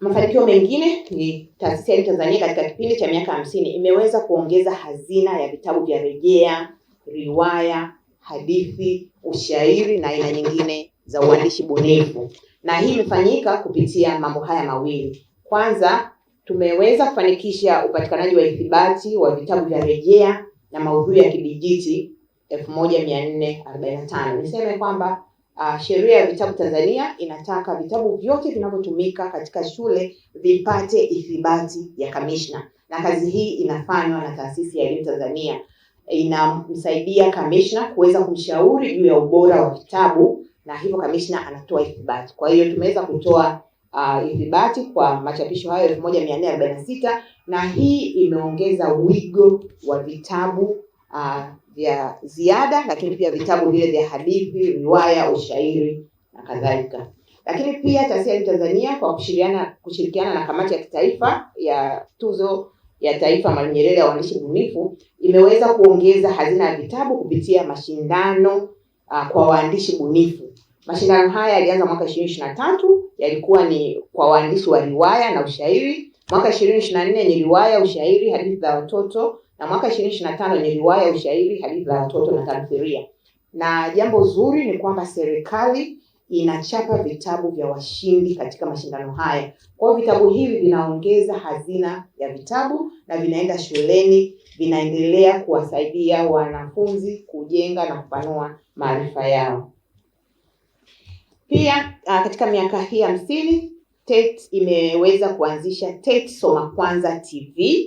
Mafanikio mengine ni taasisi ya Tanzania katika kipindi cha miaka hamsini imeweza kuongeza hazina ya vitabu vya rejea, riwaya, hadithi, ushairi na aina nyingine za uandishi bunifu, na hii imefanyika kupitia mambo haya mawili. Kwanza, tumeweza kufanikisha upatikanaji wa ithibati wa vitabu vya rejea na maudhui ya kidijiti 1445. Niseme kwamba Uh, sheria ya vitabu Tanzania inataka vitabu vyote vinavyotumika katika shule vipate ithibati ya kamishna, na kazi hii inafanywa na Taasisi ya Elimu Tanzania. Inamsaidia kamishna kuweza kumshauri juu ya ubora wa vitabu, na hivyo kamishna anatoa ithibati. Kwa hiyo tumeweza kutoa uh, ithibati kwa machapisho hayo 1446 na hii imeongeza wigo wa vitabu Uh, vya ziada, lakini pia vitabu vile vya hadithi, riwaya, ushairi na kadhalika. Lakini pia Tasiari Tanzania kwa kushiriana, kushirikiana na kamati ya kitaifa ya tuzo ya taifa Mwalimu Nyerere ya waandishi bunifu imeweza kuongeza hazina ya vitabu kupitia mashindano uh, kwa waandishi bunifu. Mashindano haya yalianza mwaka 2023 yalikuwa ni kwa waandishi wa riwaya na ushairi Mwaka 2024 ni riwaya, ushairi, hadithi za watoto na mwaka 2025 ni riwaya, ushairi, hadithi za watoto na tamthilia. Na jambo zuri ni kwamba serikali inachapa vitabu vya washindi katika mashindano haya. Kwa hiyo vitabu hivi vinaongeza hazina ya vitabu na vinaenda shuleni, vinaendelea kuwasaidia wanafunzi kujenga na kupanua maarifa yao. Pia ah, katika miaka hii hamsini TET imeweza kuanzisha TET Soma Kwanza TV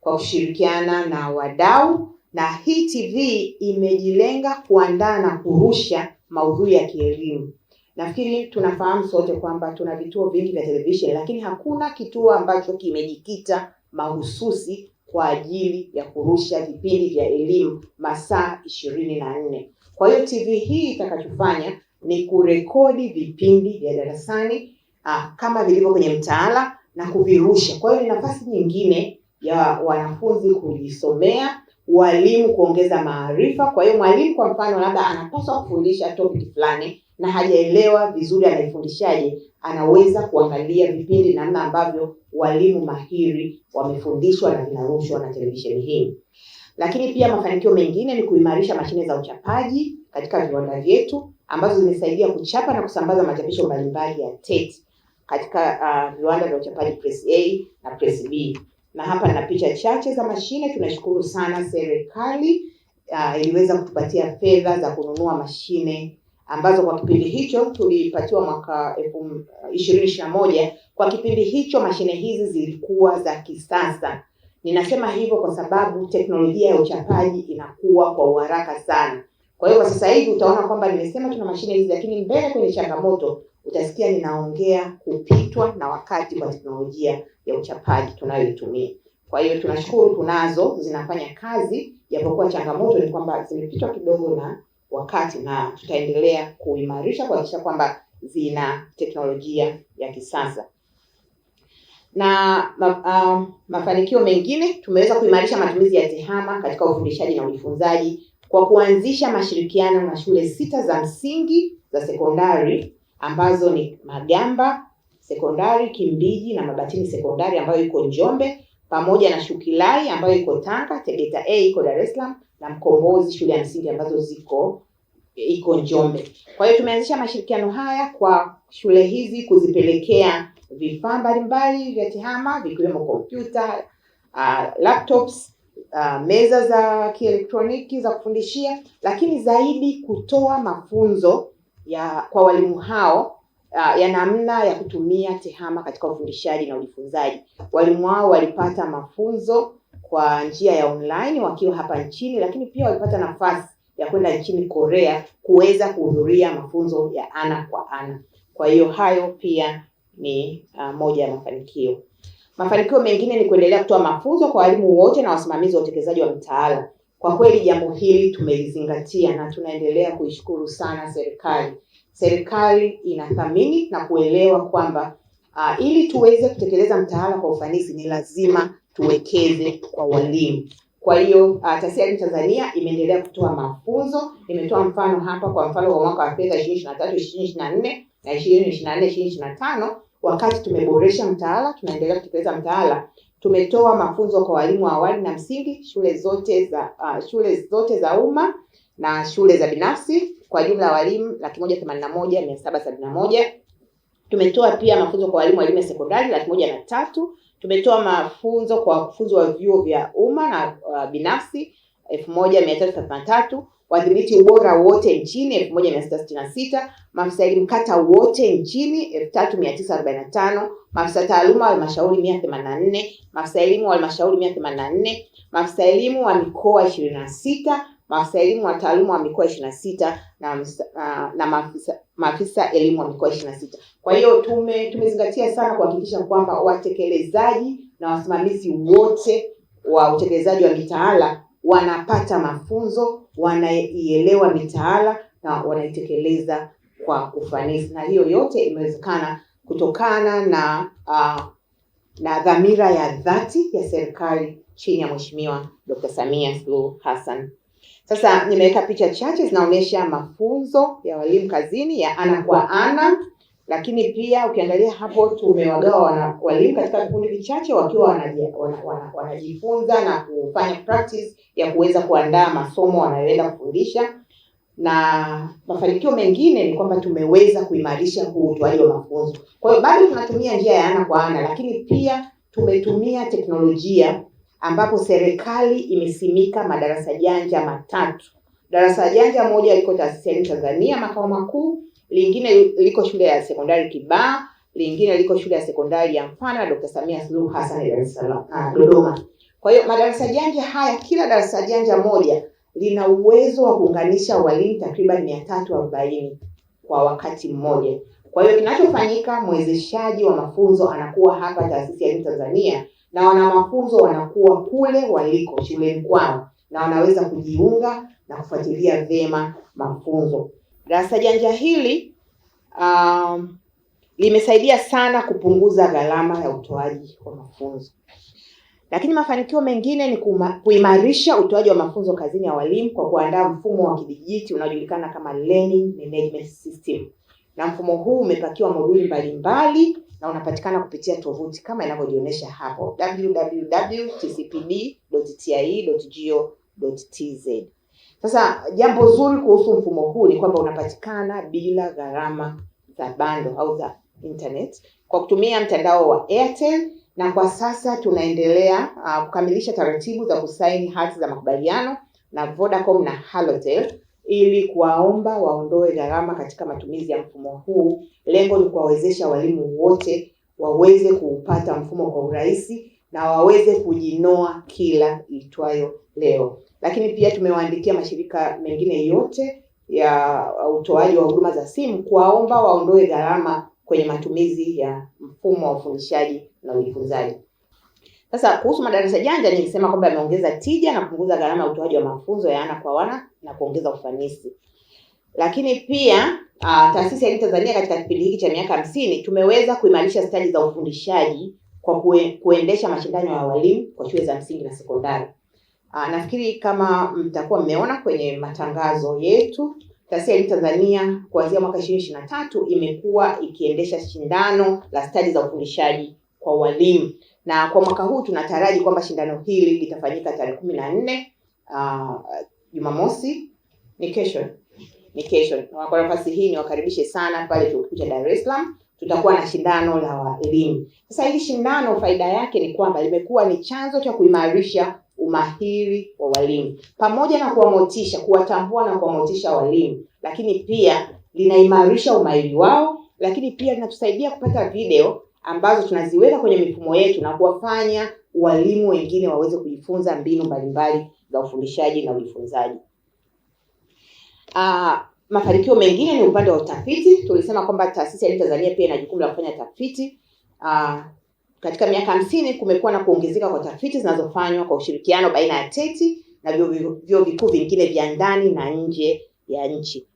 kwa kushirikiana na wadau, na hii TV imejilenga kuandaa na kurusha maudhui ya kielimu. Nafikiri tunafahamu sote kwamba tuna vituo vingi vya televisheni, lakini hakuna kituo ambacho kimejikita mahususi kwa ajili ya kurusha vipindi vya elimu masaa ishirini na nne. Kwa hiyo TV hii itakachofanya ni kurekodi vipindi vya darasani ah, kama vilivyo kwenye mtaala na kuvirusha. Kwa hiyo ni nafasi nyingine ya wanafunzi kujisomea, walimu kuongeza maarifa. Kwa hiyo mwalimu kwa mfano labda anapaswa kufundisha topic fulani na hajaelewa vizuri anaifundishaje, anaweza kuangalia vipindi namna ambavyo walimu mahiri wamefundishwa na vinarushwa na televisheni hii. Lakini pia mafanikio mengine ni kuimarisha mashine za uchapaji katika viwanda vyetu ambazo zimesaidia kuchapa na kusambaza machapisho mbalimbali ya TET katika ah, viwanda uh, vya uchapaji press A na press B. Na hapa na picha chache za mashine. Tunashukuru sana serikali uh, iliweza kutupatia fedha za kununua mashine ambazo kwa kipindi hicho tulipatiwa mwaka elfu ishirini ah, ishirini na moja. Kwa kipindi hicho mashine hizi zilikuwa za kisasa. Ninasema hivyo kwa sababu teknolojia ya uchapaji inakuwa kwa uharaka sana. Kwa hiyo kwa sasa hivi utaona kwamba nimesema tuna mashine hizi, lakini mbele kwenye changamoto utasikia ninaongea kupitwa na wakati kwa teknolojia ya uchapaji tunayoitumia. Kwa hiyo tunashukuru tunazo, zinafanya kazi, japokuwa changamoto ni kwamba zimepitwa kidogo na wakati, na tutaendelea kuimarisha kuhakikisha kwamba zina teknolojia ya kisasa na ma, um, mafanikio mengine tumeweza kuimarisha matumizi ya tehama katika ufundishaji na ujifunzaji kwa kuanzisha mashirikiano na shule sita za msingi za sekondari ambazo ni Magamba Sekondari, Kimbiji na Mabatini Sekondari ambayo iko Njombe, pamoja na Shukilai ambayo iko Tanga, Tegeta A iko Dar es Salaam na Mkombozi shule ya msingi ambazo ziko iko Njombe. Kwa hiyo tumeanzisha mashirikiano haya kwa shule hizi kuzipelekea vifaa mbalimbali vya TEHAMA vikiwemo kompyuta, uh, laptops uh, meza za kielektroniki za kufundishia, lakini zaidi kutoa mafunzo ya kwa walimu hao Uh, ya namna ya kutumia TEHAMA katika ufundishaji na ujifunzaji. Walimu wao walipata mafunzo kwa njia ya online wakiwa hapa nchini, lakini pia walipata nafasi ya kwenda nchini Korea kuweza kuhudhuria mafunzo ya ana kwa ana. Kwa hiyo hayo pia ni uh, moja ya mafanikio. Mafanikio mengine ni kuendelea kutoa mafunzo kwa walimu wote na wasimamizi wa utekelezaji wa mtaala. Kwa kweli jambo hili tumelizingatia na tunaendelea kuishukuru sana serikali. Serikali inathamini na kuelewa kwamba uh, ili tuweze kutekeleza mtaala kwa ufanisi ni lazima tuwekeze kwa walimu. Kwa hiyo uh, ah, Tasiari Tanzania imeendelea kutoa mafunzo. imetoa mfano hapa, kwa mfano wa mwaka wa fedha 2023 2024 na 2024 2025 wakati tumeboresha mtaala, tunaendelea kutekeleza mtaala. Tumetoa mafunzo kwa walimu wa awali na msingi shule zote za uh, shule zote za umma na shule za binafsi kwa jumla walimu laki moja themanini na moja mia saba sabini na moja. Tumetoa pia mafunzo kwa walimu wa elimu ya sekondari laki moja na tatu. Tumetoa mafunzo kwa wakufunzi wa vyuo vya umma na uh, binafsi elfu moja mia tatu thelathini na tatu wadhibiti ubora wote nchini elfu moja mia sita sitini na sita maafisa elimu kata wote nchini elfu tatu mia tisa arobaini na tano maafisa taaluma wa halmashauri mia themanini na nne maafisa elimu wa halmashauri mia themanini na nne maafisa elimu wa mikoa ishirini na sita maafisa elimu wa taaluma wa mikoa ishirini na sita na, na maafisa, maafisa elimu wa mikoa ishirini na sita. Kwa hiyo tume tumezingatia sana kuhakikisha kwamba watekelezaji na wasimamizi wote wa utekelezaji wa mitaala wanapata mafunzo, wanaielewa mitaala na wanaitekeleza kwa ufanisi, na hiyo yote imewezekana kutokana na uh, na dhamira ya dhati ya serikali chini ya Mheshimiwa Dr. Samia Suluhu Hassan. Sasa nimeweka picha chache zinaonyesha mafunzo ya walimu kazini ya ana kwa ana lakini pia ukiangalia hapo tumewagawa walimu katika vikundi vichache wakiwa wanajifunza wana, wana, wana na kufanya practice ya kuweza kuandaa masomo wanayoenda kufundisha, na mafanikio mengine ni kwamba tumeweza kuimarisha huu utoaji wa mafunzo. Kwa hiyo bado tunatumia njia ya ana kwa ana, lakini pia tumetumia teknolojia ambapo serikali imesimika madarasa janja matatu. Darasa janja moja liko Taasisi ya Tanzania makao makuu lingine liko shule ya sekondari kibaa lingine liko shule ya sekondari ya Mfana Dr. Samia Suluhu Hassan Dar es Salaam ah, Dodoma. Kwa hiyo madarasa janja haya, kila darasa janja moja lina uwezo wa kuunganisha walimu takriban mia tatu arobaini kwa wakati mmoja. Kwa hiyo kinachofanyika, mwezeshaji wa mafunzo anakuwa hapa Taasisi ya Elimu Tanzania na wana mafunzo wanakuwa kule waliko shuleni kwao, na wanaweza kujiunga na kufuatilia vyema mafunzo. Darasa janja hili um, limesaidia sana kupunguza gharama ya utoaji wa mafunzo. Lakini mafanikio mengine ni kuma, kuimarisha utoaji wa mafunzo kazini ya walimu kwa kuandaa mfumo wa kidijiti unaojulikana kama learning management system, na mfumo huu umepakiwa moduli mbalimbali na unapatikana kupitia tovuti kama inavyojionyesha hapo www.tcpd.tie.go.tz. Sasa jambo zuri kuhusu mfumo huu ni kwamba unapatikana bila gharama za bando au za internet kwa kutumia mtandao wa Airtel, na kwa sasa tunaendelea uh, kukamilisha taratibu za kusaini hati za makubaliano na Vodacom na Halotel ili kuwaomba waondoe gharama katika matumizi ya mfumo huu. Lengo ni kuwawezesha walimu wote waweze kuupata mfumo kwa urahisi na waweze kujinoa kila itwayo leo. Lakini pia tumewaandikia mashirika mengine yote ya utoaji wa huduma za simu kuwaomba waondoe gharama kwenye matumizi ya mfumo wa ufundishaji na ujifunzaji. Sasa kuhusu madarasa janja, nilisema kwamba yameongeza tija na kupunguza gharama ya utoaji wa mafunzo ya ana kwa wana na kuongeza ufanisi. Lakini pia uh, Taasisi ya Elimu Tanzania katika kipindi hiki cha miaka hamsini tumeweza kuimarisha stadi za ufundishaji kwa kue, kuendesha mashindano ya walimu kwa shule za msingi na sekondari. Ah, nafikiri kama mtakuwa mmeona kwenye matangazo yetu, Taasisi ya Elimu Tanzania kuanzia mwaka 2023 imekuwa ikiendesha shindano la stadi za ufundishaji kwa walimu, na kwa mwaka huu tunataraji kwamba shindano hili litafanyika tarehe kumi na nne ah, Jumamosi, ni kesho ni kesho. Kwa nafasi hii niwakaribishe sana pale Chuo Kikuu cha Dar es Salaam tutakuwa na shindano la elimu. Sasa hili shindano faida yake ni kwamba limekuwa ni chanzo cha kuimarisha umahiri wa walimu pamoja na kuwamotisha, kuwatambua na kuwamotisha walimu, lakini pia linaimarisha umahiri wao, lakini pia linatusaidia kupata video ambazo tunaziweka kwenye mifumo yetu na kuwafanya walimu wengine waweze kujifunza mbinu mbalimbali za ufundishaji na ujifunzaji. Ah, Mafanikio mengine ni upande wa utafiti. Tulisema kwamba taasisi ya Tanzania pia ina jukumu la kufanya tafiti. Uh, katika miaka hamsini kumekuwa na kuongezeka kwa tafiti zinazofanywa kwa ushirikiano baina ya TETI na vyuo vikuu vingine vya ndani na nje ya nchi.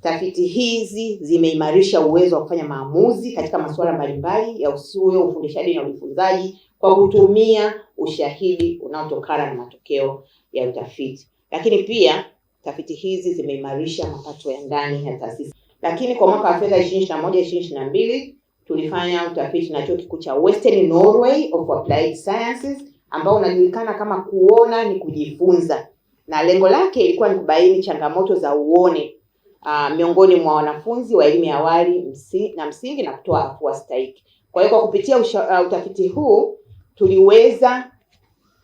Tafiti hizi zimeimarisha uwezo wa kufanya maamuzi katika masuala mbalimbali ya usuyo, ufundishaji na ujifunzaji kwa kutumia ushahidi unaotokana na matokeo ya utafiti. Lakini pia Tafiti hizi zimeimarisha mapato ya ndani ya taasisi. Lakini kwa mwaka wa fedha 2021 2022 tulifanya utafiti na chuo kikuu cha Western Norway of Applied Sciences ambao unajulikana kama kuona ni kujifunza, na lengo lake ilikuwa ni kubaini changamoto za uone uh, miongoni mwa wanafunzi wa elimu ya awali msi, na msingi na kutoa hatua stahiki. Kwa hiyo kwa kupitia usha, uh, utafiti huu tuliweza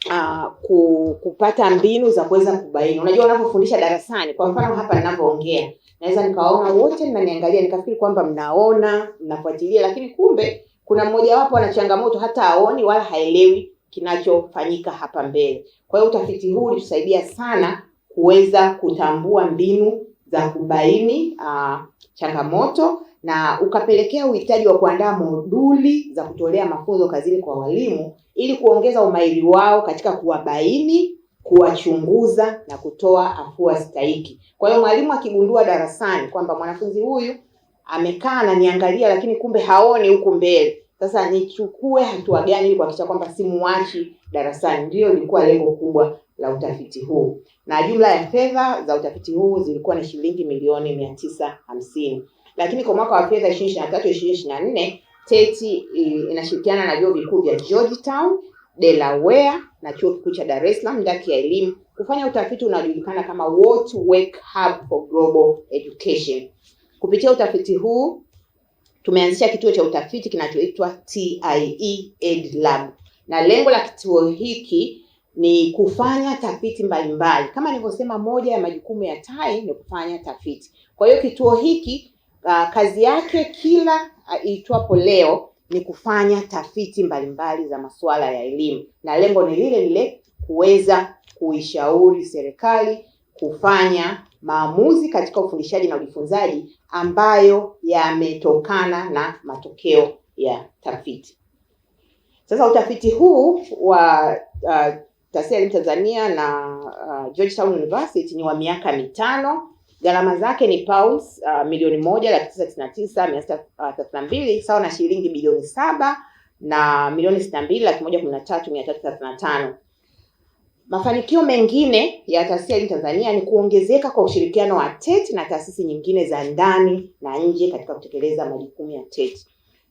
uh, kupata mbinu za kuweza kubaini. Unajua, unapofundisha darasani, kwa mfano hapa ninapoongea, naweza nikawaona wote mnaniangalia, nikafikiri kwamba mnaona, mnafuatilia, lakini kumbe kuna mmojawapo ana changamoto, hata aoni wala haelewi kinachofanyika hapa mbele. Kwa hiyo utafiti huu ulitusaidia sana kuweza kutambua mbinu za kubaini uh, changamoto na ukapelekea uhitaji wa kuandaa moduli za kutolea mafunzo kazini kwa walimu ili kuongeza umahiri wao katika kuwabaini, kuwachunguza na kutoa afua stahiki. Kwa hiyo mwalimu akigundua darasani kwamba mwanafunzi huyu amekaa ananiangalia, lakini kumbe haoni huku mbele, sasa nichukue hatua gani ili kuhakikisha kwamba simuachi darasani? Ndiyo ilikuwa lengo kubwa la utafiti huu, na jumla ya fedha za utafiti huu zilikuwa ni shilingi milioni mia tisa hamsini lakini kwa mwaka wa fedha 2023 2024 Teti eh, inashirikiana na vyuo vikuu vya Georgetown, Delaware na chuo kikuu cha Dar es Salaam ndaki ya elimu kufanya utafiti unaojulikana kama What Work Hub for Global Education. Kupitia utafiti huu tumeanzisha kituo cha utafiti kinachoitwa TIE Ed Lab, na lengo la kituo hiki ni kufanya tafiti mbalimbali. Kama nilivyosema, moja ya majukumu ya TIE ni kufanya tafiti. Kwa hiyo kituo hiki Uh, kazi yake kila uh, iitwapo leo ni kufanya tafiti mbalimbali za masuala ya elimu, na lengo ni lile lile, kuweza kuishauri serikali kufanya maamuzi katika ufundishaji na ujifunzaji ambayo yametokana na matokeo ya tafiti. Sasa utafiti huu wa uh, Taasisi ya Elimu Tanzania na uh, Georgetown University ni wa miaka mitano Gharama zake ni pounds uh, milioni moja laki tisa tisini na tisa mia sita uh, thelathini na mbili sawa na shilingi bilioni saba na milioni sitini na mbili laki moja kumi na tatu mia tatu thelathini na tano. Mafanikio mengine ya taasisi ya elimu Tanzania ni kuongezeka kwa ushirikiano wa TET na taasisi nyingine za ndani na nje katika kutekeleza majukumu ya TET.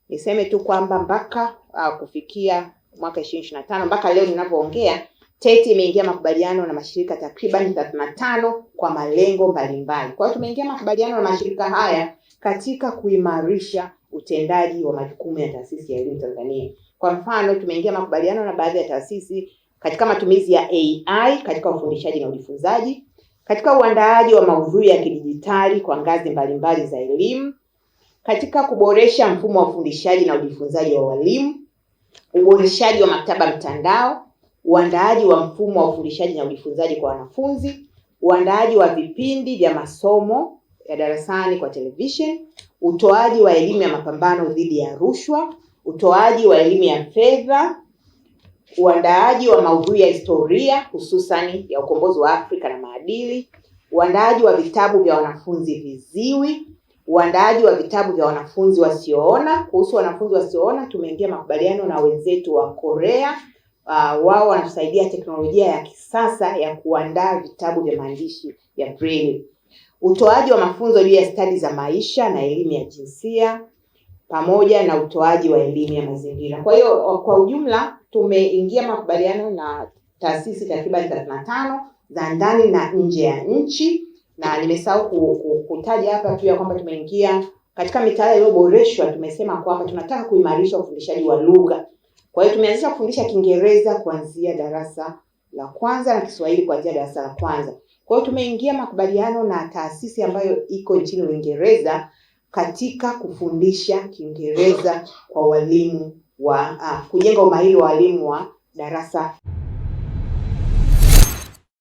Niseme tu kwamba mpaka uh, kufikia mwaka 2025 mpaka leo ninavyoongea TET imeingia makubaliano na mashirika takriban 35 kwa malengo mbalimbali. Kwa hiyo tumeingia makubaliano na mashirika haya katika kuimarisha utendaji wa majukumu ya taasisi ya elimu Tanzania. Kwa mfano, tumeingia makubaliano na baadhi ya taasisi katika matumizi ya AI katika ufundishaji na ujifunzaji, katika uandaaji wa maudhui ya kidijitali kwa ngazi mbalimbali za elimu, katika kuboresha mfumo wa ufundishaji na ujifunzaji wa walimu, uboreshaji wa maktaba mtandao uandaaji wa mfumo wa ufundishaji na ujifunzaji kwa wanafunzi, uandaaji wa vipindi vya masomo ya darasani kwa television, utoaji wa elimu ya mapambano dhidi ya rushwa, utoaji wa elimu ya fedha, uandaaji wa maudhui ya historia hususani ya ukombozi wa Afrika na maadili, uandaaji wa vitabu vya wanafunzi viziwi, uandaaji wa vitabu vya wanafunzi wasioona. Kuhusu wanafunzi wasioona, tumeingia makubaliano na wenzetu wa Korea uh, wao wanatusaidia teknolojia ya kisasa ya kuandaa vitabu vya maandishi ya braille. Utoaji wa mafunzo juu ya stadi za maisha na elimu ya jinsia pamoja na utoaji wa elimu ya mazingira. Kwa hiyo kwa ujumla tumeingia makubaliano na taasisi takriban 35 za ndani na nje ya nchi, na nimesahau kutaja hapa tu ya kwamba tumeingia katika mitaala iliyoboreshwa. Tumesema kwamba tunataka kuimarisha ufundishaji wa lugha kwa hiyo tumeanzisha kufundisha Kiingereza kuanzia darasa la kwanza na Kiswahili kuanzia darasa la kwanza. Kwa hiyo tumeingia makubaliano na taasisi ambayo iko nchini Uingereza katika kufundisha Kiingereza kwa walimu wa uh, kujenga umahiri wa walimu wa darasa